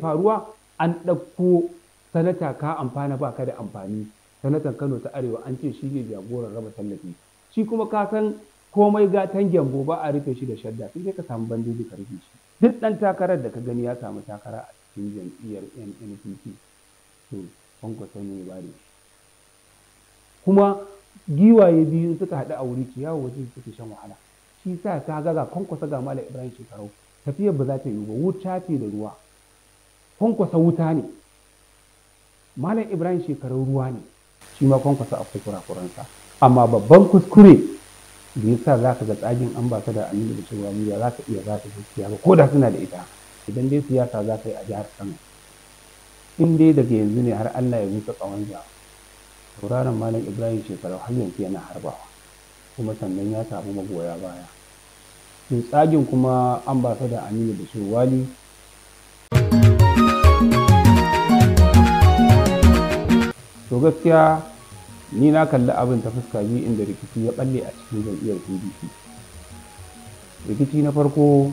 faruwa an ɗauko sanata ka amfana ba ka da amfani sanatan kano ta arewa an ce shi ne jagoran raba tallafi shi kuma ka san komai gatan gyambo ba a rufe shi da shadda sai dai ka samu bandidi ka rufe shi duk ɗan takarar da ka gani ya samu takara a cikin jam'iyyar nnpp to kwanko ne ba da kuma giwaye biyu suka haɗu a wuri ciyawa waje suke shan wahala shi sa ka ga ga kwankwasa ga malam ibrahim shekarau tafiyar ba za ta yi ba wuta ce da ruwa kwankwasa wuta ne malam ibrahim shekarun ruwa ne shi ma kwankwasa a akwai kurakuransa amma babban kuskure da ya sa za ka ga tsagin an ba da annabi da cewa za ka iya za ka gaskiya ba ko da suna da ita idan dai siyasa za ka yi a jihar kano in dai daga yanzu ne har allah ya busa tsawon ja tauraron malam ibrahim shekaru har yanzu yana harbawa kuma sannan ya samu magoya baya tsagin kuma an ba da aminu da wali to gaskiya ni na kalli abin ta fuska biyu inda rikici ya balle a cikin jam'iyyar pdp rikici na farko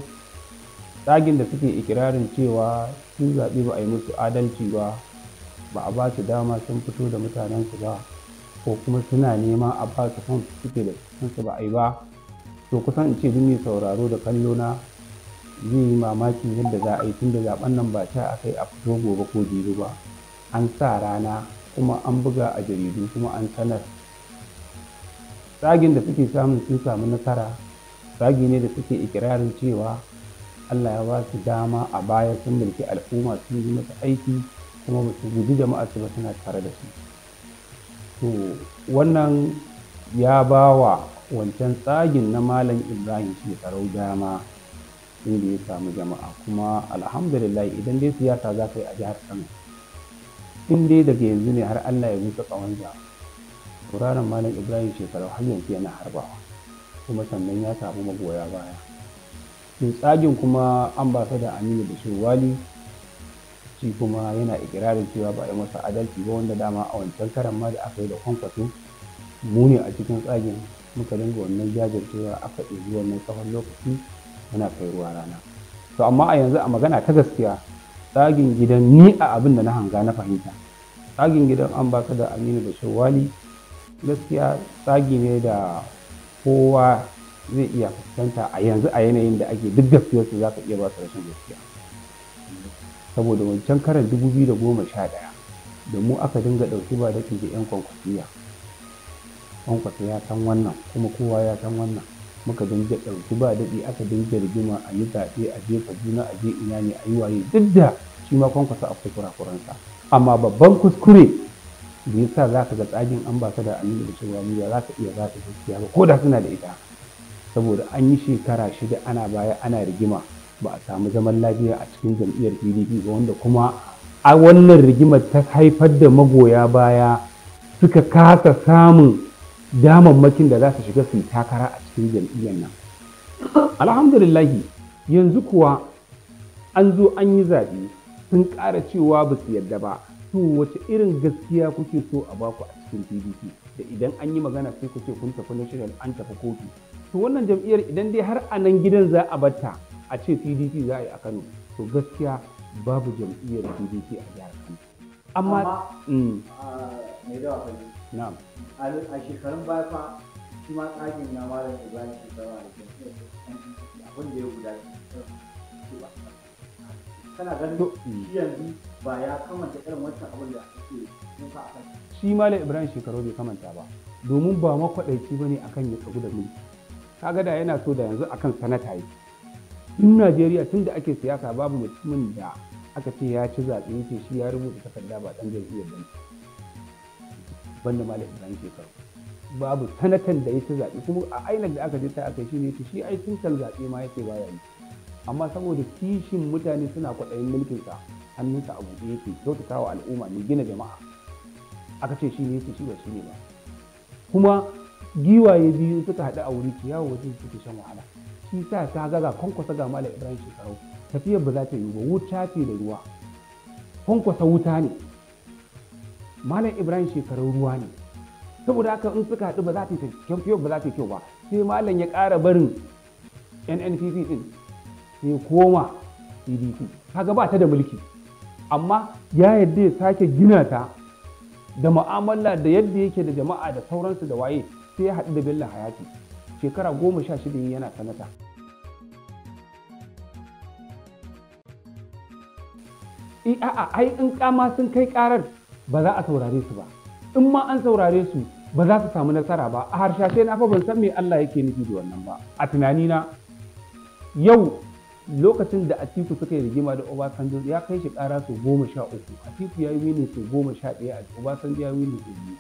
tsagin da suke ikirarin cewa sun zaɓe ba a yi musu adalci ba ba a ba su dama sun fito da mutanensu ba ko kuma suna nema a ba su fom suke da kansu ba a yi ba to kusan in ce duk mai sauraro da kallo na zai yi mamakin yadda za a yi tun da zaɓen nan ba ta a kai a fito gobe ko jibi ba an sa rana kuma an buga a jaridu kuma an sanar Tsagin da suke samun sun samu nasara tsagi ne da suke ikirarin cewa allah ya ba su dama a baya sun mulki al'umma sun yi masa aiki kuma ba su guji jama'a su ba suna tare da su to wannan ya ba wa wancan tsagin na malam ibrahim shi shekarau dama inda ya samu jama'a kuma alhamdulillah idan dai siyasa za ka yi a jihar kano in dai daga yanzu ne har Allah ya busa tsawon ja malam ibrahim shekaru har yanzu yana harbawa kuma sannan ya samu magoya baya in tsagin kuma da aminu da wali shi kuma yana ikirarin cewa ba a yi masa adalci ba wanda dama a wancan karan ma da aka yi da kwankwaso mu ne a cikin tsagin muka dinga wannan jajircewa aka ɗebi wannan tsawon lokaci yana kai ruwa rana to amma a yanzu a magana ta gaskiya tsagin gidan ni a abin da na hanga na fahimta tsagin gidan an baka da aminu da shawali gaskiya tsagi ne da kowa zai iya fuskanta a yanzu a yanayin da ake duk gaskiyarsu za ka iya ba su rashin gaskiya saboda wancan karan 2011 da mu aka dinga ɗauki ba da 'yan kwankwasiya kwankwasa ya san wannan kuma kowa ya san wannan muka dinga ɗauki ba daɗi aka dinga rigima a yi zaɓe a je kaduna a je ina ne a yi waye duk da shi ma kwankwasa a kurakuransa amma babban kuskure da ya sa za ka ga tsagin an ba nuna da cewa mu za ka iya za ka gaskiya ba ko da suna da ita saboda an yi shekara shida ana baya ana rigima ba a samu zaman lafiya a cikin jam'iyyar pdp ba wanda kuma a wannan rigimar ta haifar da magoya baya suka kasa samun damammakin da za su shiga su takara a cikin jam'iyyar nan alhamdulillahi yanzu kuwa an zo an yi zaɓe sun ƙara cewa ba su yarda ba to wace irin gaskiya kuke so a baku a cikin pdp da idan an yi magana sai ku ce kun tafi national an tafi kotu to wannan jam'iyyar idan dai har a nan gidan za a batta a ce pdp za a yi a kano to gaskiya babu jam'iyyar pdp a jihar kano amma mm. ah, na'am a shekarun baya fa shi ma tsakin na malam ibrahim shekara abin da ya guda kana ganin shi yanzu ba ya kamanta irin wancan abin da ake a kan shi malam ibrahim shekaru bai kamanta ba domin ba makwaɗaici ba ne akan ya tsagu da mulki kaga da yana so da yanzu akan sanata yi in najeriya tun da ake siyasa babu mutumin da aka ce ya ci zaɓe yake shi ya rubuta takarda ba ɗan jam'iyyar ba banda malam ibrahim shekaru babu sanatan da ya ta zaɓe kuma a ainih da aka je ta aka shi ne shi ai sun kan zaɓe ma yake baya yi amma saboda kishin mutane suna kwaɗayin mulkinsa hannunsa a buɗe yake kyautata wa al'umma ne gina jama'a aka ce shi ne yake shi ba shi ne ba kuma giwaye biyu suka haɗu a wuri ciyawa wajen suke shan wahala shi sa ta gaga kwankwasa ga malam ibrahim shekaru tafiyar ba za ta yi ba wuta ce da ruwa kwankwasa wuta ne malam ibrahim shekarun ruwa ne saboda haka in suka haɗu ba za ta yi kyau ba za ta yi kyau ba sai malam ya ƙara barin nnpp din sai koma pdp kaga ba ta da mulki amma ya yadda ya sake gina ta da mu'amala da yadda yake da jama'a da sauransu da waye sai ya haɗu da bello hayati shekara goma sha shida yana sanata eh, a'a ai in kama sun kai karar ba za a saurare su ba in ma an saurare su ba za su samu nasara ba a harshashe na fa ban san me Allah yake nufi da wannan ba a tunanina yau lokacin da Atiku suka yi rigima da Obasanjo ya kai shi kara sau goma sha uku Atiku ya yi wini sau goma sha ɗaya Obasanjo ya yi wini sau biyu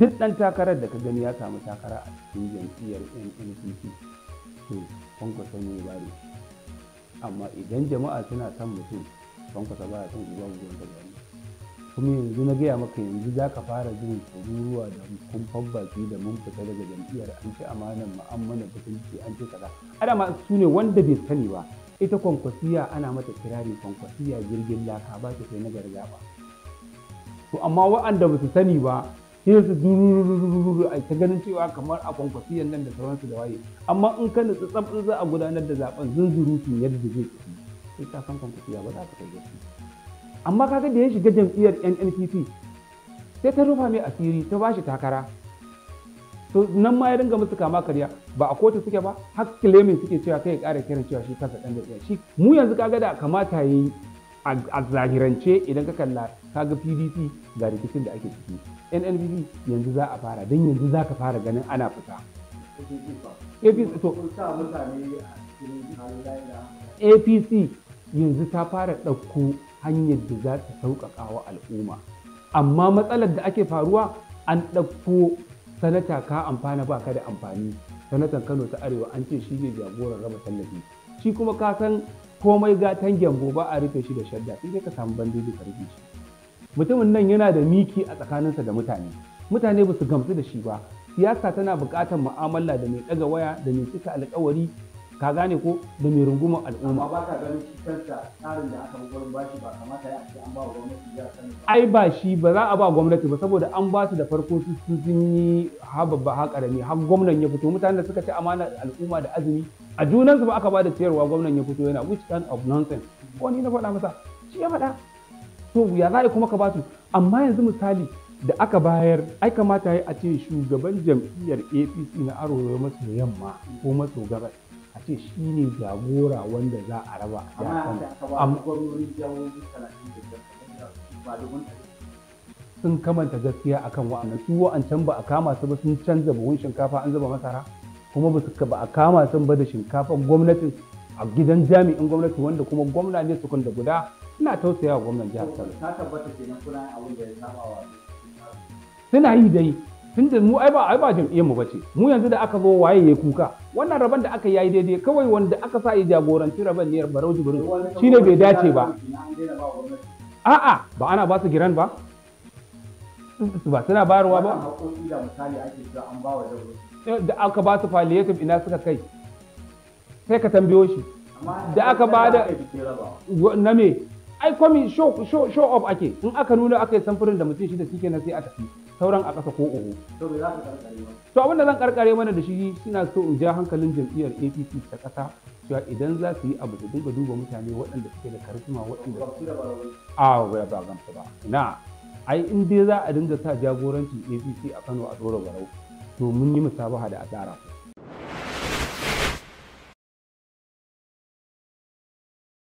duk ɗan takarar da ka gani ya samu takara a cikin jam'iyyar NNPP to ne ba amma idan jama'a suna son mutum kwankwasa ba son uba uban da gani kuma yanzu na gaya maka yanzu za ka fara jin kururuwa da kumfan baki da mun fita daga jam'iyyar an ci amanan mu'amala mutunci an ce kaza adama su ne wanda bai sani ba ita kwankwasiya ana mata kirari kwankwasiya jirgin laka ba ta kai na gargaba to amma wa'anda ba su sani ba sai su dururururu a ta ganin cewa kamar a kwankwasi nan da sauransu da waye amma in ka nutsu tsaf za a gudanar da zaben su yadda zai tafi sai ta san kwankwasi ba za ka kai shi amma kaga da ya shiga jam'iyyar NNPP sai ta rufa mai asiri ta bashi takara to nan ma ya dinga musu kama karya ba a kotu suke ba har claiming suke cewa kai ya kara kiran cewa shi kansa ɗan da shi mu yanzu kaga da kamata yayi a zahirance idan ka kalla ka ga pdp ga rikicin da ake ciki nnpp yanzu za a fara don yanzu za ka fara ganin ana fita apc yanzu ta fara ɗauko hanyar da za ta sauƙaƙa wa al'umma amma matsalar da ake faruwa an ɗauko sanata ka amfana ba ka da amfani sanatan kano ta arewa an ce shi ne jagoran raba tallafi shi kuma ka san komai gatan tangen ba a rufe shi da shadda sai dai ka samu bandeji ka rufe shi mutumin nan yana da miki a tsakaninsa da mutane mutane ba su gamsu da shi ba siyasa tana buƙatar mu'amala da mai ɗaga waya da mai cika alƙawari ka gane ko da mai runguma al'umma ba ka ganin shi kansa tsarin da aka ba bashi ba kamata ya ake an ba wa gwamnati ya sani ai ba shi ba za a ba gwamnati ba saboda an ba su da farko su sun yi hababba ha karami har gwamnan ya fito mutanen da suka ci amana al'umma da azumi a junansu ba aka ba da ciyarwa gwamnan ya fito yana which kind of nonsense ko ni na faɗa masa shi ya faɗa to ya za kuma ka ba su amma yanzu misali da aka bayar ai kamata ya a ce shugaban jam'iyyar apc na arewa maso yamma ko maso gabas a ce shi ne jagora wanda za a raba a yakan sun kamanta gaskiya akan wa'annan su wa'ancan ba a kama su ba sun canza buhun shinkafa an zuba masara kuma ba a kama sun ba da shinkafan gwamnatin a gidan jami'in gwamnati wanda kuma gwamna ne sukun da guda ina tausaya wa gwamnan jihar Kano. suna yi dai tunda mu ai ba ai ba jam'iyyar mu bace mu yanzu da aka zo waye ya kuka wannan raban da aka yayi daidai kawai wanda aka sa ya jagoranci raban ne Barau Jibrin shine bai dace ba a'a ba ana ba su giran ba ba suna bayarwa ba eh, da aka ba su palliative ina suka kai sai ka tambayo shi da aka ba da na me ai kwami show show show up ake in aka nuna aka yi samfurin da mutum shi da shi na sai aka tafi sauran a ƙasa ko uku. To abin da zan karkare mana da shi suna so in ja hankalin jam'iyyar APC ta ƙasa cewa idan za su yi abu da duba duba mutane waɗanda suke da karisma waɗanda suke da awa ba ba gamsu ba na ai in dai za a dinga sa jagorancin APC a Kano a ɗora barau to mun yi musabaha da asara.